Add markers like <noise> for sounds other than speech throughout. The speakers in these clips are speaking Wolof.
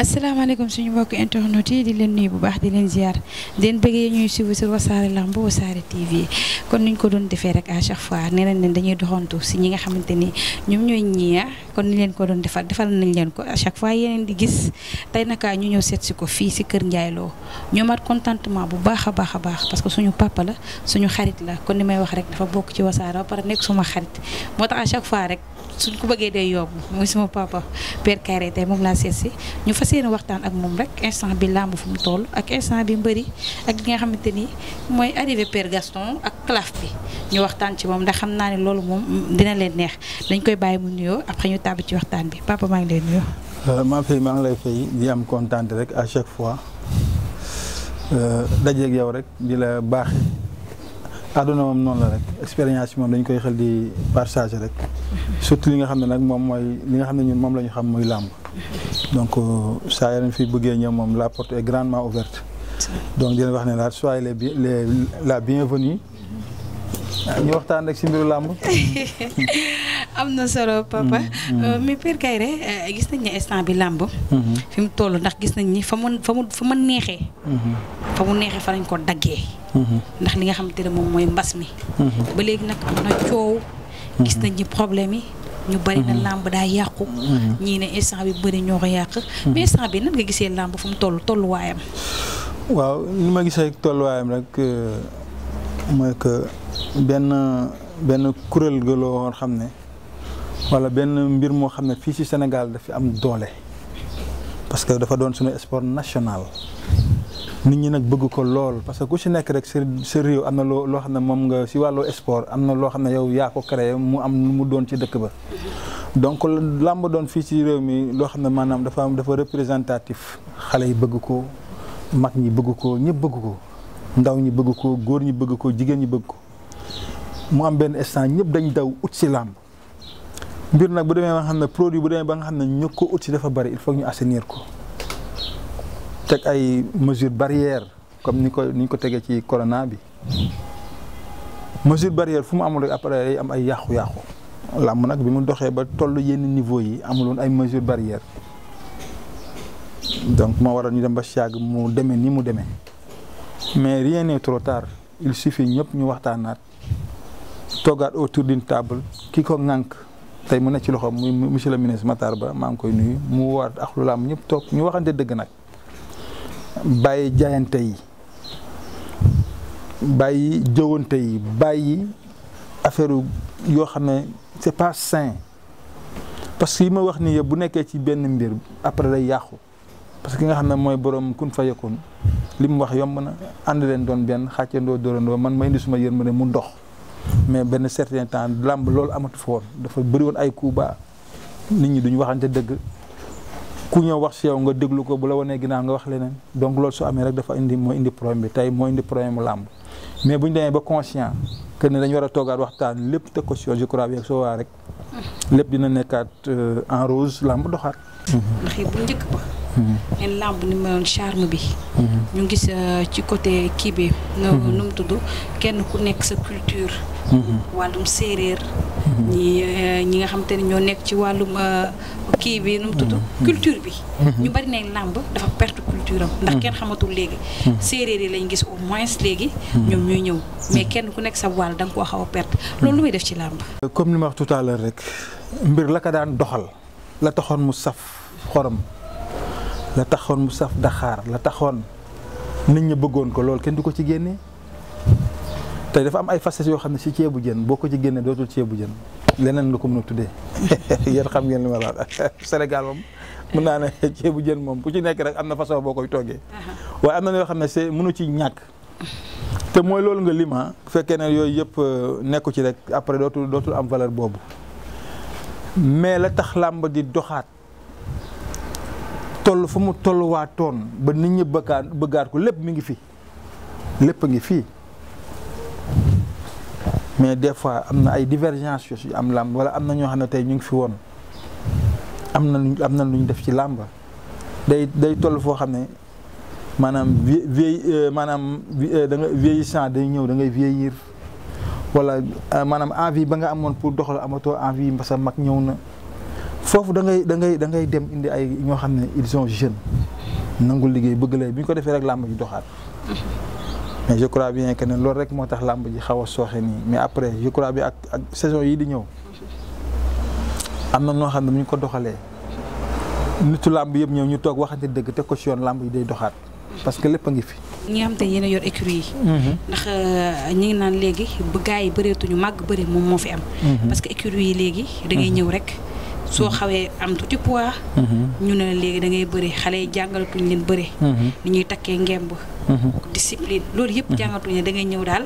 asalaamaaleykum suñu mbokk internet yi di leen nuyu bu baax di leen ziar di leen bëggee ñuy suivre sur wasaare lamb wasaare TV kon niñ ko doon defee rek à chaque fois nee nañ leen dañuy doxantu si ñi nga xamante ni ñoom ñooy ñiya kon ni leen ko doon defal defal nañ leen ko à chaque fois yeneen di gis tey naka ñu ñëw seet si ko fii si kër Ndiaye Lo ñoomaat contentement bu baax a baax a baax parce que suñu papa la suñu xarit la kon ni may wax rek dafa bokk ci wasaare ba pare nekk suma xarit moo tax à chaque fois rek. suñ ko bëggee day yomb mooy sama papa Père Kairé tey moom laa seet si ñu fas yéene waxtaan ak moom rek instant bi làmb fu mu toll ak instant bi mbëri ak li nga xamante ni mooy arrivé Père Gaston ak claf bi ñu waxtaan ci moom ndax xam naa ne loolu moom dina leen neex dañ koy bàyyi mu nuyoo après ñu tàbbi ci waxtaan bi papa maa ngi lay nuyoo. Euh, maa fay maa ngi lay fay di am kontaan rek à chaque fois euh, dajeeg yow rek di la àdduna moom noonu la rek expérience moom dañ koy xel di partager rek surtout li nga xam ne nag moom mooy li nga xam ne ñun moom la xam muy làmb donc euh, saa yeneen fi bëggee ñëw moom la porte est grandement ouverte donc di wax ne la soyez les les la bienvenue ñu waxtaan rek si mbiru làmb <laughs> am na solo papa. Mm-hmm. Euh, mais Père Kairé euh, gis nañ ne instant bi làmb. Mm-hmm. fi mu toll ndax gis nañ ni fa mu fa mu fa mu neexee. Mm-hmm. fa mu neexee fa nañ ko daggee. ndax li nga xamante ne moom mooy mbas mi. ba léegi nag am na coow. gis nañ ni problème yi. ñu bari na làmb daa yàqu. ñii ne instant bi bari ñoo ko yàq. mais instant bi nan nga gisee làmb fu mu toll tolluwaayam. waaw ni ma gisee tolluwaayam rek euh, mooy que benn benn kuréel ga loo xam ne. wala benn mbir moo xam ne fii si Sénégal dafa am doole parce que dafa doon suñu sport national nit ñi nag bëgg ko lool parce que ku si nekk rek sa réew am na loo loo xam ne moom nga si wàllu sport am na loo xam ne yow yaa ko créé mu am lu mu doon ci dëkk ba donc làmb doon fii si réew mi loo xam ne maanaam dafa am dafa représentatif xale yi bëgg ko mag ñi bëgg ko ñëpp bëgg ko ndaw ñi bëgg ko góor ñi bëgg ko jigéen ñi bëgg ko mu am benn instant ñëpp dañ daw ut ci làmb mbir nag bu demee ba nga xam ne produit bu demee ba nga xam ne ñu ko ut si dafa bari il faut ñu assainir ko teg ay mesures barrières comme ni ko ni ko tegee ci corona bi mesure barrière fu mu amul rek après am ay yàqu-yàqu. làmb nag bi mu doxee ba toll yenn niveau yi amuloon ay mesures barrières donc moo waral ñu dem ba yàgg mu demee ni mu demee mais rien n'est trop tard il suffit ñëpp ñu waxtaanaat toogaat autour d'une table ki ko ŋànk. tey mu ne ci loxoom muy monsieur le ministre Matar Ba maa ngi koy nuyu mu waat ak lu laam ñëpp toog ñu waxante dëgg nag bàyyi jaayante yi bàyyi jëwante yi bàyyi affaire yoo xam ne c'est pas sain parce que yi ma wax nii yëpp bu nekkee ci benn mbir après day yàqu parce que nga xam ne mooy borom kun fa yëkkoon li mu wax yomb na ànd leen doon benn xàccandoo dóorandoo man ma indi suma yërmande mu dox mais benn certain temps làmb loolu amatu fa dafa bëri woon ay coups nit ñi duñu waxante dëgg ku ñëw wax si yow nga déglu ko bu la wanee ginnaaw nga wax leneen donc lool su amee rek dafa indi moo indi problème bi tey moo indi problème mu làmb mais bu ñu demee ba conscient que ne dañu war a toogaat waxtaan lépp teg ko si yoon je soo waa rek lépp dina nekkaat euh, en rose làmb doxaat. neen mm-hmm. làmb ni meloon charme bi mm-hmm. ñu gis euh, ci côté kii bi mm-hmm. nu mu tudd kenn ku nekk sa culture wàllum séeréer ñi euh, ñi nga xam te ne ñoo nekk ci wàllum euh, kii bi nu mu tudd culture bi ñu bari nañ làmb dafa perte culture am ndax kenn xamatul léegi séeréer yi lañ gis au moins léegi ñoom ñuy ñëw mais kenn ku nekk sa wàll da nga koo xaw a perte loolu lu muy def ci làmb comme ni ma wax tout rek mbir la ka daan doxal la taxoon mu saf xorom la taxoon mu saf daxaar la taxoon nit ñi bëggoon ko loolu kenn du ko ci génne te dafa am ay facettes yoo xam ne si ceebu jën boo ko ci génne dootul ceebu jën leneen la ko mën a tuddee <laughs> yéen xam ngeen li ma la <laughs> Sénégal moom mun naa ne <laughs> ceebu jën moom bu ci nekk rek am na façon boo koy toggee uh-huh. waaye am na yoo xam ne c'est mënu ci ñàkk te mooy loolu nga lima bu fekkee ne yooyu yëpp euh, nekku ci rek après dootul dootul am valeur boobu mais la tax làmb di doxaat toll fu mu tolluwaatoon ba nit ñi bëggaat bëggaat ko lépp mu ngi fi lépp a ngi fii mais des fois am na ay divergence yu am làmb wala am na ñoo xam ne tey ñu ngi fi woon am na lu am na lu ñu def ci làmb day day toll foo xam ne maanaam vie vieille euh, maanaam euh, danga nga vieillissant day ñëw da ngay vieillir wala euh, maanaam envie ba nga amoon pour doxal amatoo envie sa mag ñëw na foofu da ngay da ngay da dem indi ay ñoo xam ne ils sont jeunes nangul liggéey bëgg lay bi ñu ko defee rek làmb ji doxaat mais je crois bien que ne loolu rek moo tax làmb ji xaw a sooxe nii mais après je crois ak ak saison yii di ñëw am na noo xam ne bu ñu ko doxalee nitu làmb yëpp ñëw ñu toog waxante dëgg te ko ci yoon làmb ji day doxaat parce que lépp a ngi fi. ñi nga xam te yéen a yor écurie yi. Mhm. ndax euh, ñi ngi naan léegi bu gars yi bëreetuñu màgg bëri moom moo fi am. Mhm. parce que écurie yi léegi. da ngay mhm. ñëw rek. soo mhm. xawee am tuuti poids. Mhm. ñu ne léegi da ngay bëri xale yi jàngalatuñ leen bëri. Mhm. ni ñuy takkee ngemb. discipline loolu yëpp jàngatuñ ne da ngay ñëw daal.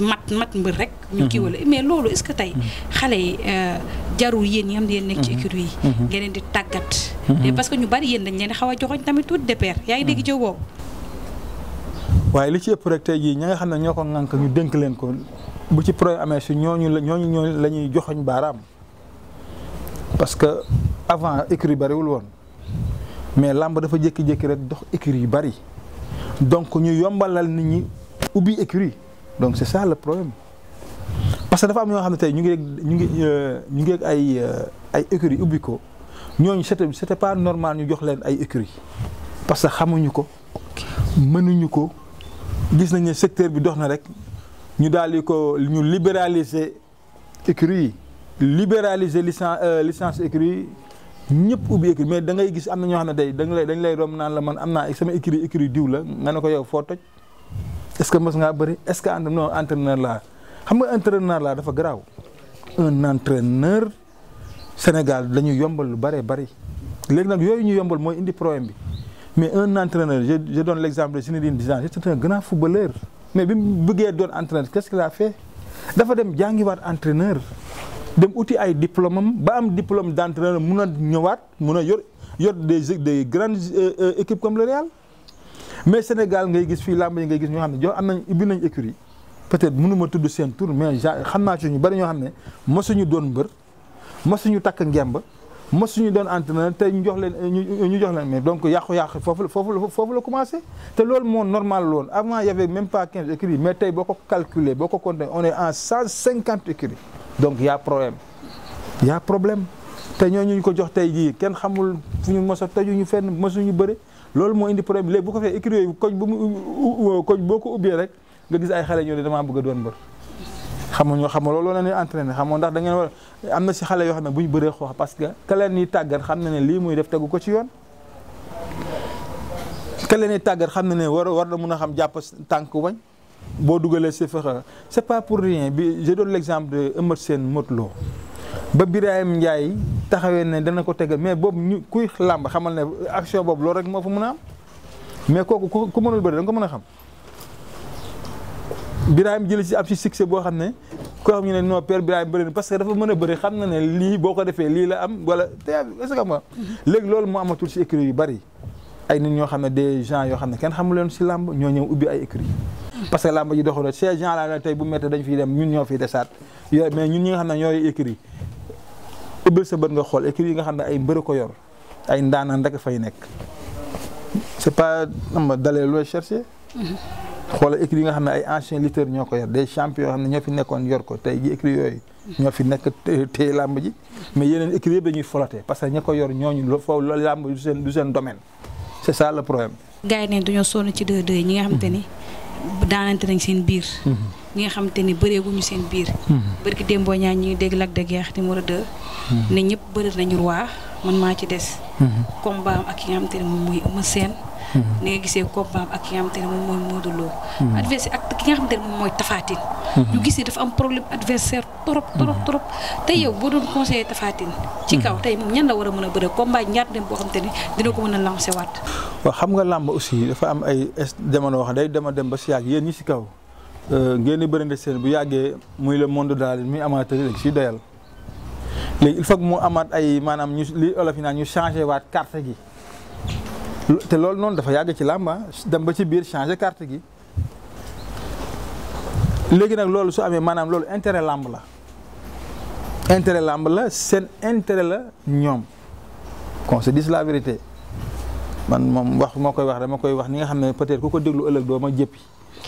mat mat mbër rek. ñu kii wala mais loolu est-ce que tey xale yi euh, jarul yéen ñi am yéen nekk ci écurie yi. ngeen di tàggat. parce que ñu bari yéen dañ leen xaw a joxoñ tamit tuuti dépaire yaa ngi dégg jëw boobu. waaye li ci ëpp rek tey jii nga xam ne ñoo ko ŋànk ñu dénk leen ko bu ci problème amee si ñooñu la ñooñu ñooñu la ñuy joxoñ baaraam. parce que avant écurie bariwul woon mais làmb dafa jékki-jékki rek dox écurie yu bari donc ñu yombalal ni ñi ubbi écurie donc c'est ça le problème parce que dafa am ñoo xam ne tey ñu ngi ñu ngi euh, ñu ngi ay euh, ay écurie ubbi ko ñooñu c'était c'était pas normal ñu jox leen ay écurie parce que xamuñu ko mënuñu ko gis nañ secteur bi dox na rek ñu daal di ko ñu libéraliser écurie yi. libéraliser licence euh, licence écrit ñëpp ubbi écrit mais da ngay gis am na ñoo xam ne tey dañu lay dañu lay rom naan la man am naa sama écrit écrit diw la nga ne ko yow foo toj est-ce que mës ngaa bëri est-ce que entre non laa xam nga entraîneur laa dafa garaaw un entraîneur Sénégal dañu yombal lu bëree bëri léegi nag yooyu ñu yombal mooy indi problème bi mais un entraîneur je je donne l'exemple de Zinedine Zidane c'est un grand footballeur mais bi mu bëggee doon entraîneur qu'est-ce qu'il a fait dem jàngiwaat entraîneur dem uti ay diplôme am ba am diplôme d'entraîneur mun a ñëwaat mun a yor yor des des grandes euh, euh, équipes comme le Real mais Sénégal ngay gis fii làmb yi ngay gis ñoo xam ne jox am nañ ubbi nañ écurie peut-être mënuma tudd seen tour mais xam naa ci ñu bari ñoo xam ne mosuñu doon mbër mosuñu takk ngemb mosuñu doon entraîneur te ñu jox leen ñu jox leen mais donc yàqu-yàqu foofu foofu foofu la commencé te lool moo normal loon avant y avait même pas quinze mais tey boo ko calculé boo ko compté on est en cent cinquante écuries donc yaa problème yaa problème te ñooñu ñu ko jox tey jii kenn xamul fu ñu mos a toju ñu fenn ñu bëri loolu moo indi problème léegi bu ko fee écrits yooyu bu mu koñ boo ko ubbee rek nga gis ay xale ñoo ne bëgg a doon mbër. xamoo ñoo xamoo loolu la ñuy entraîné xamoo ndax da ngeen war am na si xale yoo xam ne bu ñu bëree xoox parce que ka leen tàggat xam na ne lii muy def tegu ko ci yoon. ka leen tàggat xam na ne war war na mun a xam jàpp tànk wañ. boo dugalee si fexe c' est pas pour rien bi je exemple de Eumeu Sène Modou Lô ba Birahim Ndiaye taxawee ne dana ko tegal mais boobu ñu kuy làmb xamal ne action boobu loolu rek moo fa mën a mais kooku ku mënul bëri da nga mën a xam Birahim jëli si si succès boo xam ne koo xam ñu ne non père Birahim na parce que dafa mën a bëri xam na ne lii boo ko defee lii am wala ma léegi loolu moo amatul si écurie yu bari ay nit ñoo xam ne des gens yoo xam ne kenn xamu leen si làmb ñoo ñëw ubbi ay écurie parce que làmb ji doxul ces gens là tey bu méttee dañ fiy dem ñun ñoo fiy desaat yooyu mais ñun ñi xam ne ñooy écrit sa bët nga xool écrit yi nga xam ne ay mbër ko yor ay ndaanaan rek fay nekk c'est pas xam nga dalee looy chercher. Mm-hmm. xoolal écrit yi nga xam ne ay anciens lutteurs ñoo ko yor des champions yoo xam ne ñoo fi nekkoon yor ko tey ji écrit yooyu. ñoo fi nekk téye làmb ji. mais yeneen écrit yëpp dañuy folote parce que ña ko yor ñoo loo foofu loolu làmb du seen du domaine c'est ça le problème. gars yi ne dañoo sonn ci 2-2 ñi nga xamante ni. daanante nañ seen biir. Mm-hmm. ñi nga xamante ni bëreeguñu seen biir. Mm-hmm. barki démboo ñaa ñuy dégg Lac de Guiers numéro dë mm-hmm. ne ñëpp bëri nañu roi man maa ci des. combat am ak ki nga xamante ni moom mooy Eumeu ni nga gisee combat ak ki nga xamante ne moom mooy hmm. ak ki mooy Tafatine hmm. ñu gis ne dafa am problème adversaire trop hmm. trop trop te boo doon conseiller Tafatine ci kaw tey moom ñan la war a mën a bëre combat ñaar dem boo xamante ne dina ko mën a lancé waat waaw xam nga làmb aussi dafa am ay jamono wax day dema dem ba si yéen ñi si kaw euh, ngeen di bërinde seen bu yàggee muy le monde daal muy amateur léegi si doyal léegi il faut que mu amaat ay maanaam ñu li olof yi naan ñu changé waat karte gi te loolu noonu dafa yàgg ci làmba dem ci biir changer carte gi léegi nag loolu su amee maanaam loolu intérêt làmb la intérêt làmb la seen intérêt la ñoom qu'on se dise la vérité man moom wax moo koy wax dama koy wax ni nga xam ne peut-être ku ko déglu ëllëg doo ma jëppi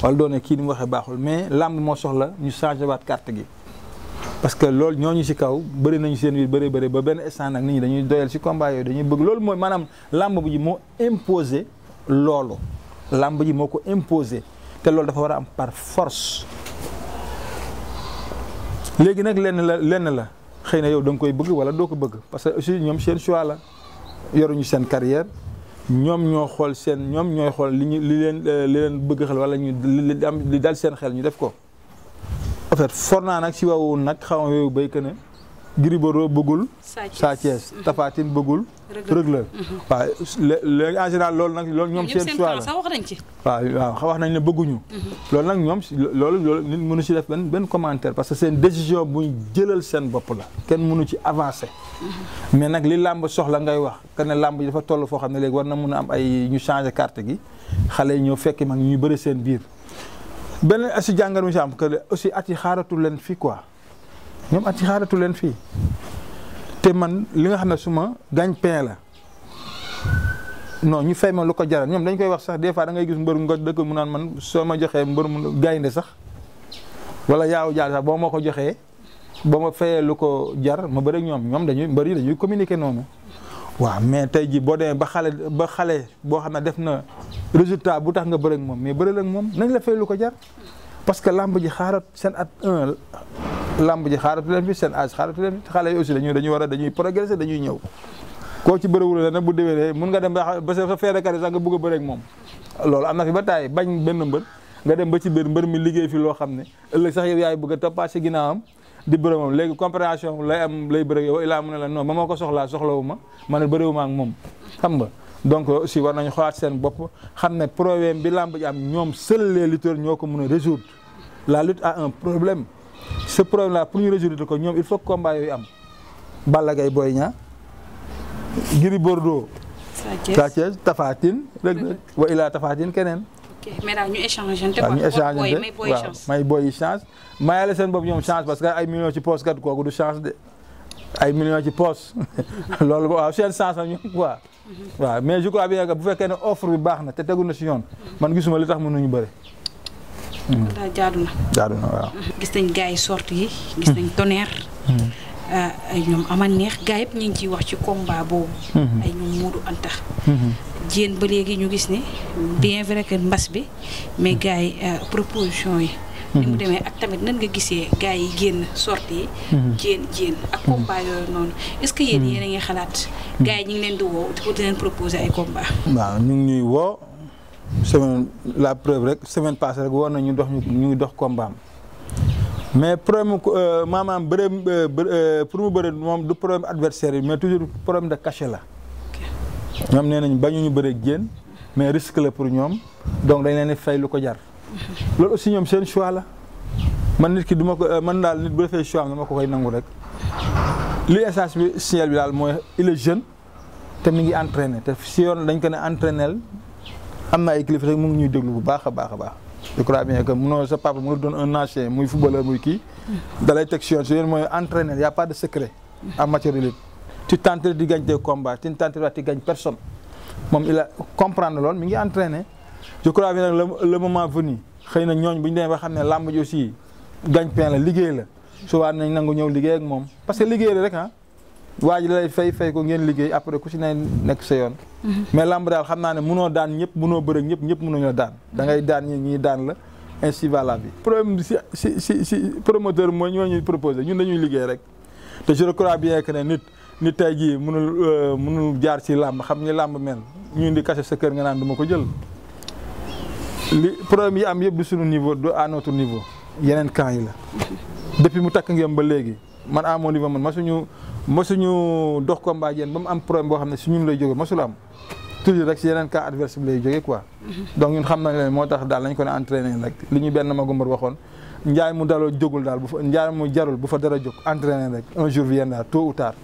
wala doone kii ni mu waxee baaxul mais làmb moo soxla ñu changé waat carte gi parce que loolu ñu si kaw bëri nañu seen biir bëri bëri ba benn instant nag nit ñi dañuy doyal ci combat yooyu dañuy bëgg loolu mooy maanaam làmb ji moo imposé loolu làmb ji moo ko imposé te loolu dafa war a am par force léegi nag lenn la lenn la xëy na yow da nga koy bëgg wala doo ko bëgg parce que aussi ñoom seen choix la yoruñu seen carrière ñoom ñoo xool seen ñoom ñooy xool li ñu li leen leen bëgg xel wala ñu li am li dal seen xel ñu def ko en fait for naa nag si waawoon nag xaw ma yooyu béykat ne Gris bëggul. Sa Thiès mhm. Tapha Tine bëggul. Reug Reug mhm. waaw léegi en général loolu nag loolu ñoom seen choix la sax wax nañ ci. waaw waaw nañ ne bëgguñu. Mhm. loolu nag ñoom loolu loolu mënu si def benn benn commentaire parce que seen décision bu jëlal seen bopp la kenn mënu ci avancer. mais nag li làmb soxla ngay wax que ne làmb yi dafa toll foo xam ne léegi war na mun a am ay ñu changer carte gi xale ñëw ñoo fekk mag ñu bëri seen biir. beneen aussi jàngat mi si am que aussi at yi xaaratu leen fii quoi ñoom at yi xaaratu leen fii te man li nga xam ne suma gagne-pain la non ñu fey ma lu ko jaral ñoom dañ koy wax sax des fois da ngay gis mbër nga dëkk mu naan man soo ma joxee mbër mu gaynde sax wala yaaw jaal sax boo ma ko joxee boo ma fayee lu ko jar ma bëri ñoom ñoom dañuy mbër yi dañuy communiquer noonu. waaw mais tey ji boo demee ba xale ba xale boo xam ne def na résultat bu tax nga bëri moom mais bëri ak moom nañ la fay lu ko jar parce que lamb ji xaarat seen at un lamb ji xaaratu leen fi seen âge xaaratu leen fi xale yi aussi dañuy dañuy war a dañuy progresser dañuy ñëw koo ci bëriwul la nag bu déwénee mun nga dem ba sa feerekari sax nga bëgg a bëri ak moom loolu am na fi ba taay bañ benn mbër nga dem ba ci biir mbër mi liggéey fi loo xam ne ëllëg sax yow yaay bëgg a toppaat si ginnaawam di bëre moom léegi compréhension lay am lay bëre yow ilaa mu ne la non ma moo ma ma ne bërewu ma ak moom xam nga donc euh, aussi war nañu xoolaat seen bopp xam ne problème bi làmb ji am ñoom seuls les lutteurs ñoo ko mun a résoudre la lutte a un problème ce problème là pour ñu résoudre ko ñoom il faut que combat am Balla Gaye Boy Niang Gris Bordeaux Sa Thiès Tapha Tine rek wa ilaa Tapha keneen ok mais daal ñu échange. waaw ñu échange may booy chance may booy chance. mayale seen bopp ñoom chance parce que ay millions ci poos kat kooku du chance de ay millions ci poos <laughs> loolu waaw seen chance la ñu mhm. mais je crois bien que bu fekkee ne offre bi baax na te tegu na si yoon. man gisuma li tax mënuñu bëri. daal jaadu na. gis nañ gars yi yi. gis nañ tonnerre. Mhm. Euh, ay ñoom ama neex gaa yëpp ñu ngi ciy wax ci combat boobu. Mhm. ay ñoom Modou Anta. Mhm. jéen ba léegi ñu gis ni bien vrai que mbas bi mais mhm. gars yi euh, proposition yi. ni mu demee ak tamit nan nga gisee gars yi génn sorti yi. jéen jéen ak combat yooyu noonu est ce que yéen yéen a ngi xalaat. gars yi ñu ngi leen di woo di leen proposer ay combat waaw ñu ngi ñuy woo semaine la preuve rek semaine passée rek woo na ñu dox ñu dox combat mais problème euh, maanaam bëre euh, euh, pour mu bëre moom du problème adversaire yi mais toujours problème de cachet la ñoom nee nañ bañuñu bëre génn mais risque la pour ñoom donc dañ leen di fay lu ko jar loolu aussi ñoom seen choix la man nit ki du ma ko man daal nit bu defee choix am dama ko koy nangu rek li essence bi signal bi daal mooy il est jeune te mi ngi entraîné te si yoon dañ ko ne entraîneel am na ay rek mu ngi ñuy déglu bu baax a baax a baax je crois bien que munoo sa papa mu doon un ancien muy footballeur muy kii. da lay teg si yoon si yoon mooy entraîneur y' pas de secret. en matière de lutte. tu tentes di gagne des combats tu ne personne moom il a comprendre loolu mi ngi entraîner je crois bien nag le moment venu xëy na ñooñ bu ñu demee ba xam ne làmb aussi gagne pen la liggéey la souvent nañ nangu ñëw liggéey ak moom parce que liggéey la rek ah waa ji lay fay fay ko ngeen liggéey après ku si ne nekk sa yoon. mais lamb daal xam naa ne munoo daan ñëpp munoo bërëg ñëpp ñëpp munuñoo daan da ngay daan ñi ñuy daan la ainsi va la vie problème si si si si promoteur mooy ñoo ñuy proposé ñun dañuy liggéey rek te je crois bien que ne nit nit tey jii munul euh, munul jaar si làmb xam ni làmb mel ñu di kase sa kër nga naan du ma ko jël li problème yi am yëpp du suñu niveau du à notre niveau yeneen camp yi la depuis mu takk ngeen ba léegi man à niveau man ma suñu mosuñu dox combat yéen ba mu am problème boo xam ne si ñun lay jóge mosul am toujours rek si yeneen cas adverse bi lay jóge quoi. donc ñun xam nañ leen moo tax daal nañ ko ne entraîné rek lu ñu benn ma magumbar waxoon njaay mu daloo jógul daal bu fa njaay mu jarul bu fa dara jóg entraîné rek un jour viendra tôt ou tard.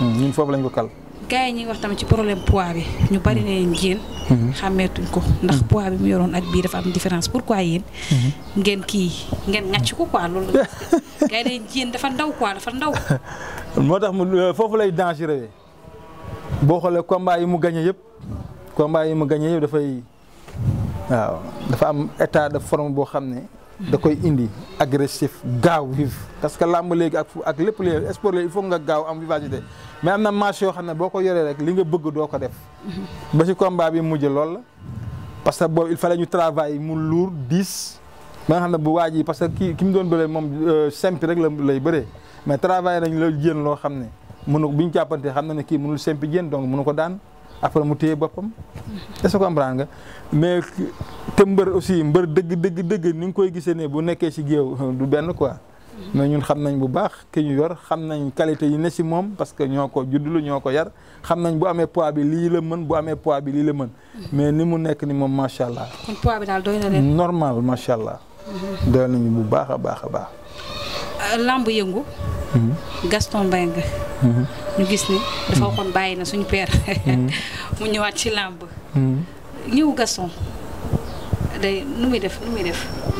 Hmm, ñun foofu lañ ko kal gars yi ñi wax tamit ci problème poids bi ñu bari ne yéen. Mhm. xàmmeetuñ ko ndax mhm. pois bi mu yoroon ak bii dafa am différence pour pourquoi yéen. Mhm. ngeen kii ngeen ñàcc ko quoi loolu la. <laughs> gars yi ne yéen dafa ndaw quoi dafa ndaw. moo tax mu foofu lay dangereux boo xoolee combat yi mu gagné yëpp combat yi mu gagné yëpp dafay waaw dafa am état de forme boo xam ne. da koy indi agressif gaaw vive parce que làmb léegi ak ak lépp léegi sport léegi il faut nga gaaw am vivacité mais am na match yoo xam ne boo ko yoree rek li nga bëgg doo ko def <laughs> ba ci combat bi mujj lool la parce que boobu il fallait ñu travail mu lourd diis ba nga xam ne bu waaj yi parce que kii ki mu doon bëree moom euh, simpi rek la lay bëree mais travail nañ la jën loo xam ne mënu bi ñu jàppante xam na ne kii mënul simpi jën donc munu ko daan après mu téye boppam est-ce que nga mais te mbër aussi mbër dëgg dëgg dëgg ni nga koy gisee ne bu nekkee ci géew <laughs> du benn quoi mais ñun xam nañ bu baax ki ñu yor xam nañ qualité yi ne si moom parce que ñoo ko juddlu ñoo ko yar xam nañ bu amee poids bi lii la mën bu amee poids bi lii la mën mais ni mu nekk ni moom macha allah. kon normal macha allah. Mhm. doy nañu bu baax a baax a baax. làmb yëngu. Mhm. Gaston Mbengue mhm. ñu gis ni dafa waxoon mhm. bàyyi na suñu père. <laughs> mu ñëwaat ci làmb. ñëw Gaston day nu muy def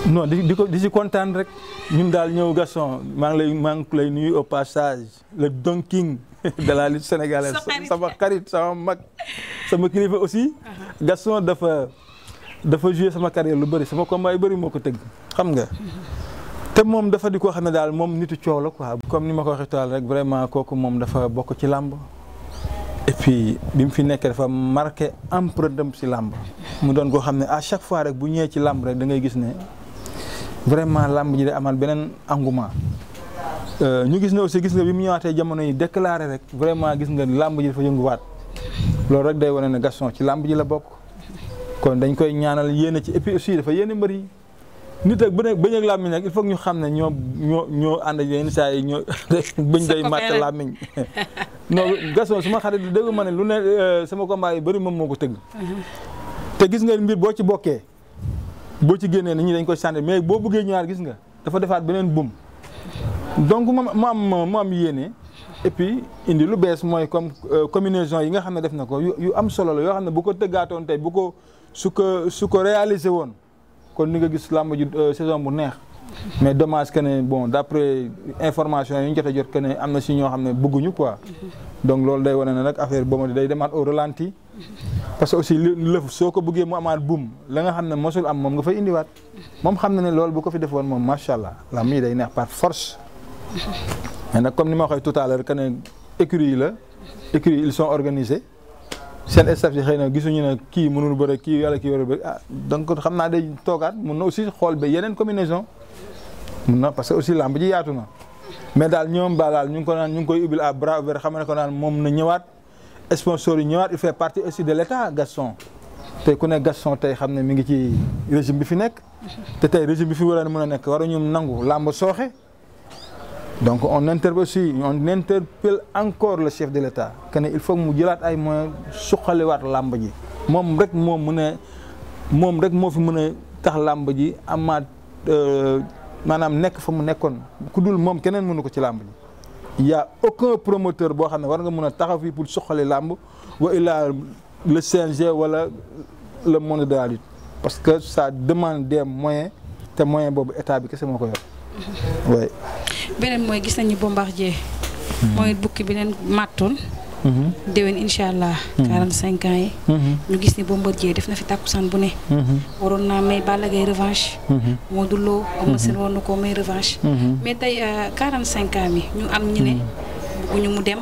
nu di ko si kontaan rek ñun daal ñëw Gaston maa ngi lay maa lay nuyu au passage le Don King de la lutte sénégalaise. sama xarit sama mag sama kilifa aussi. Uh-huh. Gaston dafa dafa joué sama carrière lu bari sama combat yu bëri moo ko tëgg xam nga. Uh-huh. te moom dafa di ko xam ne daal moom nitu coow la quoi. comme ni ma ko waxee taal rek vraiment kooku moom dafa bokk ci làmb et bi mu fi nekkee dafa marqué empreinte am si làmb mu doon koo xam ne a chaque fois rek bu ñëwee ci làmb dangay gis ne vraiment làmb ji de amaat beneen engouement. Euh, ñu gis ne aussi gis nga bi mu ñëwaatee jamono yi déclaré rek vraiment gis nga làmb ji dafa yënguwaat loolu rek day wane ne Gaston ci làmb ji la bokk kon dañ koy ñaanal yéene ci et puis dafa yéene mbër yi nit ak bëñ ak bëñ ak il faut ñu xam ne ñoo ñoo ñoo ànd ak yenn saa yi ñoo <laughs> bëñ day màtt làmmiñ non gasoo su ma xarit dégg ma ne lu ne euh, sama combat yu bëri moom moo ko tëgg uh-huh. te gis nga mbir boo ci bokkee boo ci génnee nit ñi dañ koy sànni mais boo bëggee ñaar gis nga dafa defaat beneen buum donc mu am mu am yéene et puis indi lu bees mooy comme euh, combinaison yi nga xam ne def na ko yu am solo la yoo xam ne bu ko tëggaatoon tey bu ko su ko su ko réalisé woon kon ni nga gis làmb ji euh, saison bu neex mais dommage que ne bon d'après information yi ñu jot a jot que ne am na si ñoo xam ne bëgguñu quoi donc loolu day wane ne nag affaire boobu day demaat au ralenti parce que aussi lëf soo ko bëggee mu amaat buum la nga xam ne mosul am moom nga fay indiwaat moom xam na ne loolu bu ko fi defoon moom macha allah làmb yi day neex par force. mais nag comme ni ma waxee tout à l'heure ne écurie yi la écurie ils sont organisés. seen staff si xëy na gisuñu ne kii mënul bëre kii yàlla kii war a ah, donc xam naa day toogaat mun na aussi xool ba yeneen communaison mun na parce que aussi làmb ji yaatu na mais daal ñoom ba daal ko naan ñu ngi koy ubbil à bras ouvert xam ne ko naan moom na ñëwaat sponsor yi ñëwaat il fait partie aussi de l' Gaston te ku ne Gaston tey xam ne mi ngi ci régime bi fi nekk te tey régime bi fi waroon mën a nekk waruñu nangu làmb sooxe donc on interpelle on interpelle encore la chef de l' état que ne il faut mu jëlaat ay moyens suqaliwaat làmb ji moom rek moom mën a moom rek moo fi mun a tax làmb ji amaat euh, maanaam nekk fa mu nekkoon ku dul moom keneen mënu ko ci làmb ji. yaa a aucun promoteur boo xam ne war nga mën a taxaw fii pour suqali làmb wa illaa le CNG wala le monde de la parce que ça demande des moyens te moyen boobu état bi kese moo ko yor. beneen mooy gis nañu bombardier mooy hmm. bukki bi leen màttoon hmm. déwén incha allah. 45 hmm. yi. ñu gis ni jee def na fi tàkkusaan bu ne. waroon naa may Balla Gaye revanche. Modou Lo Eumeu Sène woon na koo may revanche. mais tey 45 euh, ans mi ñu am ñu ne. bëgguñu mu dem.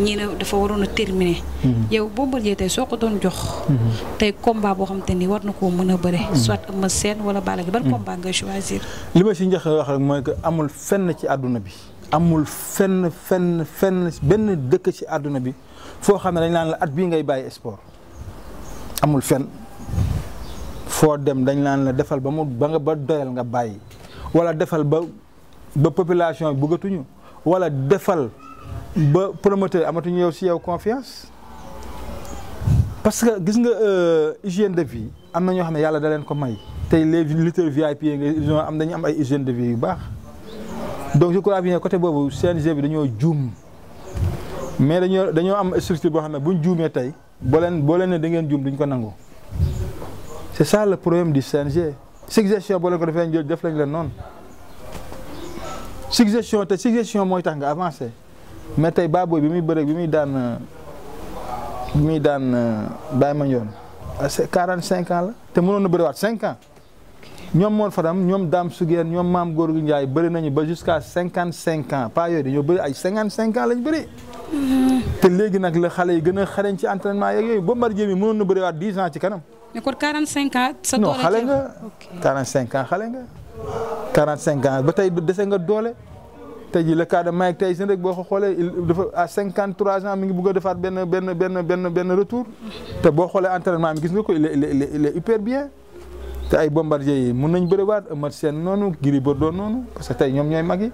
ñii ne dafa waroon a terminer. Mhm. yow Bombardier tey soo ko doon jox. Mhm. tey combat boo xam te ni war na koo mën a bëre. Mhm. soit Eumeu Sène wala Balla Gaye ban combat ngay choisir. li ma si njëkk a wax rek mooy que amul fenn ci àdduna bi. amul fenn fenn fenn benn dëkk ci àdduna bi foo xam ne dañ naan la at bii ngay bàyyi sport amul fenn foo dem dañ naan la defal ba mu ba nga ba doyal nga bàyyi wala defal ba ba population bëggatuñu wala defal. ba promoteur amatuñu yow si yow confiance parce que gis nga euh, hygiène de vie am na ñoo xam ne yàlla da leen ko may tey les lutteurs VIP ils ont am dañu am ay hygiène de vie yu baax donc je crois bien côté boobu CNG bi dañoo juum mais dañoo dañoo am structure boo xam ne bu ñu juumee tey boo leen boo leen ne da ngeen juum duñ ko nangu c'est ça le problème du CNG suggestion boo leen ko defee def lañ leen noonu suggestion te suggestion mooy tax nga avancer. mais tey Baboy bi muy bëreeg bi muy daan bi muy daan euh, Baye Mandione ah, quarante cinq ans la te mënoon na bëriwaat cinq ans ñoom Mor Fadam ñoom Dame Suguène ñoom Maam Gorgui Ndiaye bëri nañu ba jusqu'à cinquante cinq ans pas yooyu dañoo bëri ay cinquante cinq ans lañ bëri. Mm-hmm. te léegi nag la xale yi gën a xarañ ci entraînement yeeg yooyu Bombardier mi mënoon na bëriwaat dix ans ci kanam. mais kon quarante cinq ans. xale nga quarante cinq ans xale nga. quarante cinq ba tey dese nga doole. tey jii le cas de Mike Tyson rek boo ko xoolee dafa à cinquante trois ans mi ngi bëgg a benn benn benn benn benn retour te boo xoolee entraînement mi gis nga ko il est il est hyper bien te ay bombardier yi mun nañ bëriwaat Eumeu seen noonu Gris Bordeaux noonu parce que tey ñoom ñooy mag yi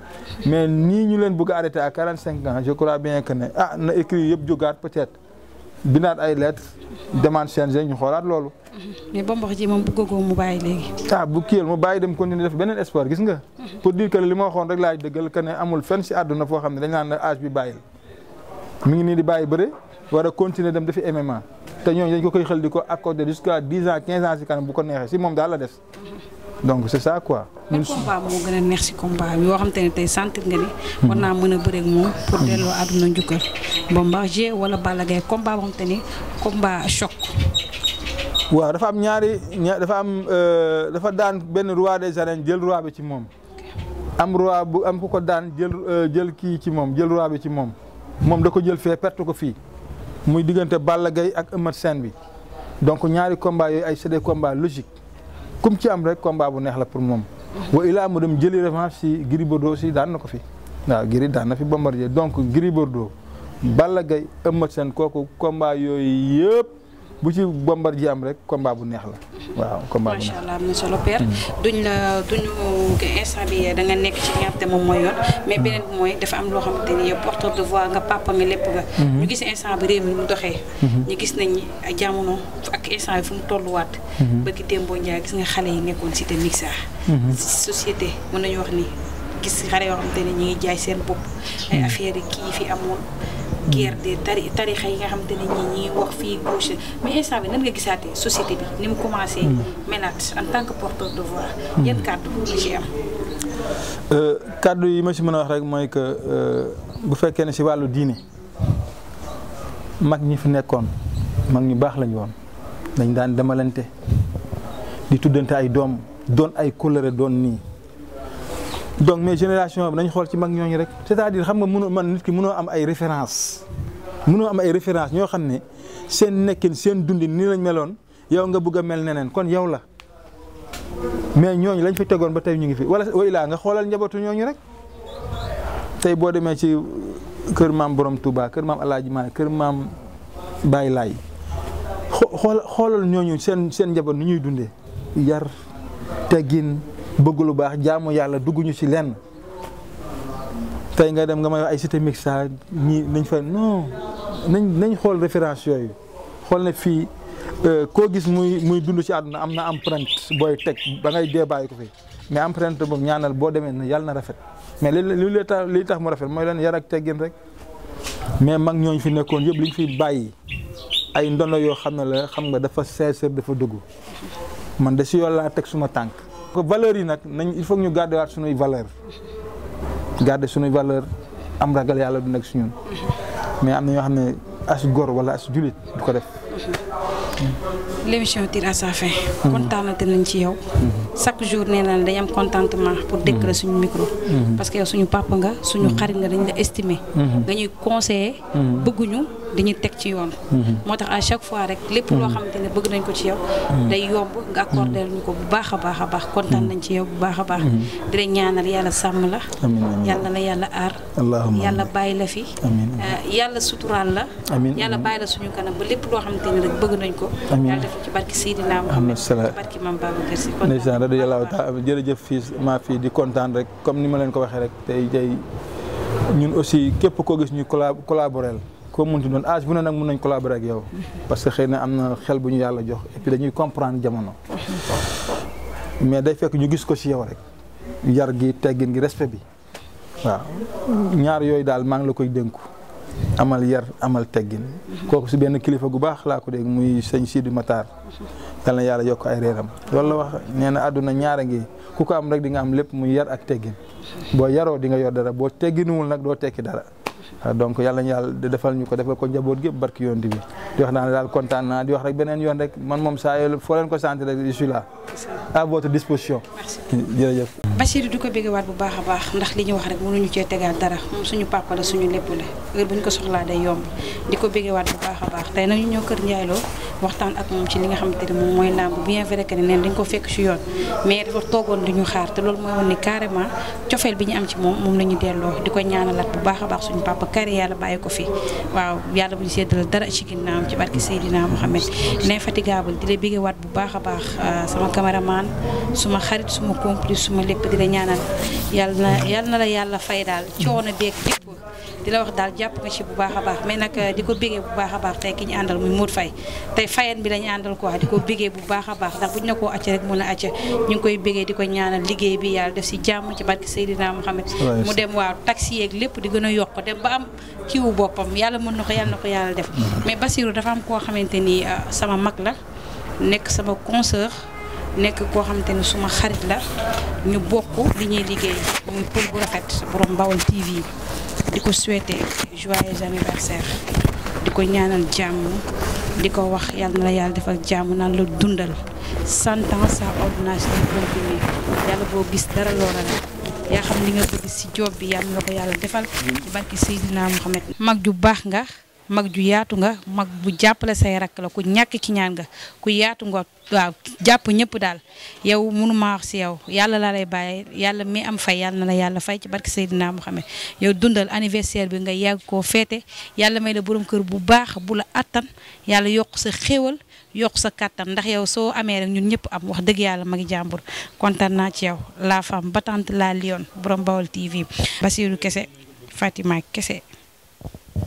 mais nii ñu leen bëgg a arrêté à quarante cinq ans je crois bien que ne ah na écrit yëpp jógaat peut-être. bindaat ay lettre demande CNG ñu xoolaat loolu. mais Bombardier moom bëggagoo mu bàyyi léegi. ah bu kiyal mu bàyyi dem continuer def beneen espoir gis nga. pour dire que li ma waxoon rek laay dëggal que ne amul fen si àdduna foo xam ne dañ naan la bi bàyyil mi ngi nii di bàyyi bëre war a dem defi te ñooñu dañ ko koy xel di ko accorder jusqu'à dix ans quinze ans si kanam bu ko neexee si moom daal la des. donc c'est ça quoi. ban combat moo gën a neex si combat bi yoo xam te ne tey sentir nga ni. war naa mën a bëreeg moom. pour delloo àdduna njukkal. Bombardier wala Balla Gaye combat boo xam te ni combat choc. waaw dafa am ñaari dafa am euh, dafa daan benn roi des arènes jël roi bi ci moom. am roi bu am ku ko daan jël euh, jël kii ci moom jël roi bi ci moom. moom da ko jël fee perte ko fii muy diggante Balla gay ak Eumeu Sène bi donc ñaari combat yooyu ay c'est des combats logiques. kum ci am rek combat bu neex la pour moom. wa ilaa mu dem jëli revanche si Gris Bordeaux si daan na ko fi waaw Gris daan na fi Bombardier donc Gris doo Balla Gaye Eumeu Sène kooku combat yooyu yëpp. bu ci Bombardier am rek combat bu neex la neex macha allah am na solo père duñ la duñu instant bi da nga nekk ci li nga xam moom mooy yoon mais beneen mooy dafa am loo xamante ni yow porteur de voix nga papa nga lépp nga mhm. ñu gis instant bi réew mi mu doxee mhm. ñu gis nañ ak instant bi fu mu tolluwaat bëgg démboo njaay gis nga xale yi nekkoon cité mixa mhm. société mën nañu wax ni gis xale yoo xamante ni ñu jaay seen bopp ay affaires kii fi amoon guerre des tarixa yi nga xam ne ñi ñi wax fii gauche mais instant bi nan nga gisaatee société bi ni mu commencé ménate hmm. en tant que porteur de voix hmm. yan kàddu nga ci am euh, yi ma si mën a wax rek mooy que euh, bu fekkee ne si wàllu diine mag ñi fi nekkoon mag ñu baax lañu woon dañ daan demalante di tuddante ay doom doon ay kóllëre doon nii donc mais génération bi nañ xool ci mag ñooñu rek c'est-à-dire xam nga mënoo man nit ki mënoo am ay référence mënoo am ay référence ñoo xam ne seen nekkin seen dundin nii lañ meloon yow nga bëgg a mel neneen kon yow la mais ñooñu lañ fi tegoon ba tey ñu ngi fi wala way laa nga xoolal njabootu ñooñu rek tey boo demee ci kër maam borom tubaa kër maam alaaj Maalik kër maam Baay Laay xool xoolal ñooñu seen seen njaboot ni ñuy dundee yar teggin bëgg lu baax jaamu yàlla ñu ci lenn tey nga dem nga may wax ay cité mixta ñi nañ fa non nañ nañ xool référence yooyu xool ne fii euh, koo gis muy muy dund ci àdduna am na am empreinte booy teg ba ngay dee bàyyi ko fi mais empreinte boobu ñaanal boo demee na yàlla na rafet mais li li tax mu rafet mooy leen yar ak teggin rek mais mag ñooñu fi nekkoon yëpp liñ fi bàyyi ay ndono yoo xam ne la xam nga dafa sincère dafa dugg man de si yoon teg suma tànk. valeurs yi nag nañ il faut ñu garder waat sunuy valeur garder suñuy valeur am ragal yàlla du nekk si mais am na ñoo xam ne as góor wala as julit du ko def. l'émission tire à sa fin. kontaanate nañ ci yow. chaque jour nee naa dañ am contentement pour dékk la mm-hmm. suñu micro. Mm-hmm. parce que suñu papa nga suñu mm-hmm. xarit nga dañ la estimer. nga ñuy conseiller. bëgguñu. di ñu teg ci yoon. Mhm. moo tax à chaque fois rek lépp loo mhm. xamante ne bëgg nañ ko ci yaw mhm. day yomb nga accordé ñu ko bu baax a baax a baax kontaan nañ ci yow bu baax a baax. di la ñaanal yàlla sàmm la. yàlla la yàlla aar. yàlla bàyyi la fi. Euh, yàlla suturaal la. yàlla bàyyi la suñu kanam ba lépp loo xam ne rek bëgg nañ ko. yàlla def ci barki Seydina Muhammad ci barki jërëjëf fii maa fii di kontaan rek comme ni ma leen ko waxee rek tey tey ñun aussi képp koo gis ñu collaborel koo ti doon âge bu ne nag mën nañ collaborer ak yow parce que xëy na am na xel bu ñu yàlla jox et puis dañuy comprendre jamono mais day fekk ñu gis ko ci yow rek yar gi teggin gi respect bi waaw ñaar yooyu daal maa ngi la koy dénku amal yar amal teggin kooku si benn kilifa gu baax laa ko dégg muy sëñ Sidi Matar yal yàlla yàlla yokk ay reeram loolu la wax nee na àdduna ñaara ngi ku ko am rek di nga am lépp muy yar ak teggin boo yaroo di nga yor dara boo tegginuwul nag tekki dara Ah, donc yàlla ñu yàlla defal ñu ko defal ko njaboot gépp barki yoon bi di wax naa ne daal kontaan di wax rek beneen yoon rek man moom saa yoo bu a baax la suñu lépp la heure bu ñu ko soxlaa day yomb di ko béggewaat bu baax a baax tey nag ñu kër Ndiaye waxtaan ak moom ci li nga xamante ne moom mooy làmb bien vrai neen dañ ko fekk si yoon mais dafa toogoon ñu xaar te loolu mooy woon ni carrément cofeel bi ñu am ci moom moom la delloo di ko ñaanalaat bu baax a baax suñu papa papa kari yàlla bàyyi ko fi waaw yàlla bu ñu seddal dara ci ginnaawam ci barke Seydina Mohamed l'infatigable di la bégee waat bu baax a baax euh, sama cameraman suma xarit suma complice suma lépp di la ñaanal yàlla na yàlla na la yàlla fay daal coono beeg lépp di la wax daal jàpp nga ci bu baax a baax mais nag euh, di ko bégee bu baax a baax ki ñu àndal muy Modou Faye tey fayen bi lañu àndal di ko bégee bu baax baax ndax bu ñu ne koo acca ñu ngi koy bégee di ko ñaanal liggéey bi yàlla def si jàmm ci barke Seydina Mohamed mu dem waaw taxi yeeg lépp di gën a yokk dem ba am kiwu boppam yàlla mën na ko yàlla ko yàlla def mais Basirou dafa am koo xamante ni euh, sama mag la nekk sama consœur nekk koo xamante ni suma xarit la ñu bokk li ñuy liggéey muy pël bu rafet borom Baol TV di ko souhaiter joyeux anniversaire di ko ñaanal jàmm di ko wax yàlla na la yàlla defal jàmm naan la dundal cent ans sa ordonnance di continuer yàlla boo gis dara loola la yaa xam li nga bëgg si job bi yàlla nga ko yàlla defal ci barki Seydina Mohamed mag ju baax nga mag ju yaatu nga mag bu jàppale say rakk la ku ñàkk ki ñaan nga ku yaatu nga waaw jàpp ñëpp daal yow mënuma wax si yow yàlla laa lay bàyyee yàlla mi am fay yàlla na la yàlla fay ci barke Seydina Mohamed yow dundal anniversaire bi nga yàgg koo feete yàlla may la borom kër bu baax bu la attan yàlla yokk sa xéewal yokk sa kàttan ndax yow soo amee rek ñun ñëpp am wax dëgg yàlla magi jàmbur kontaan naa ci yow la femme battante la lionne borom Baol TV Basirou Kese Fatima Kese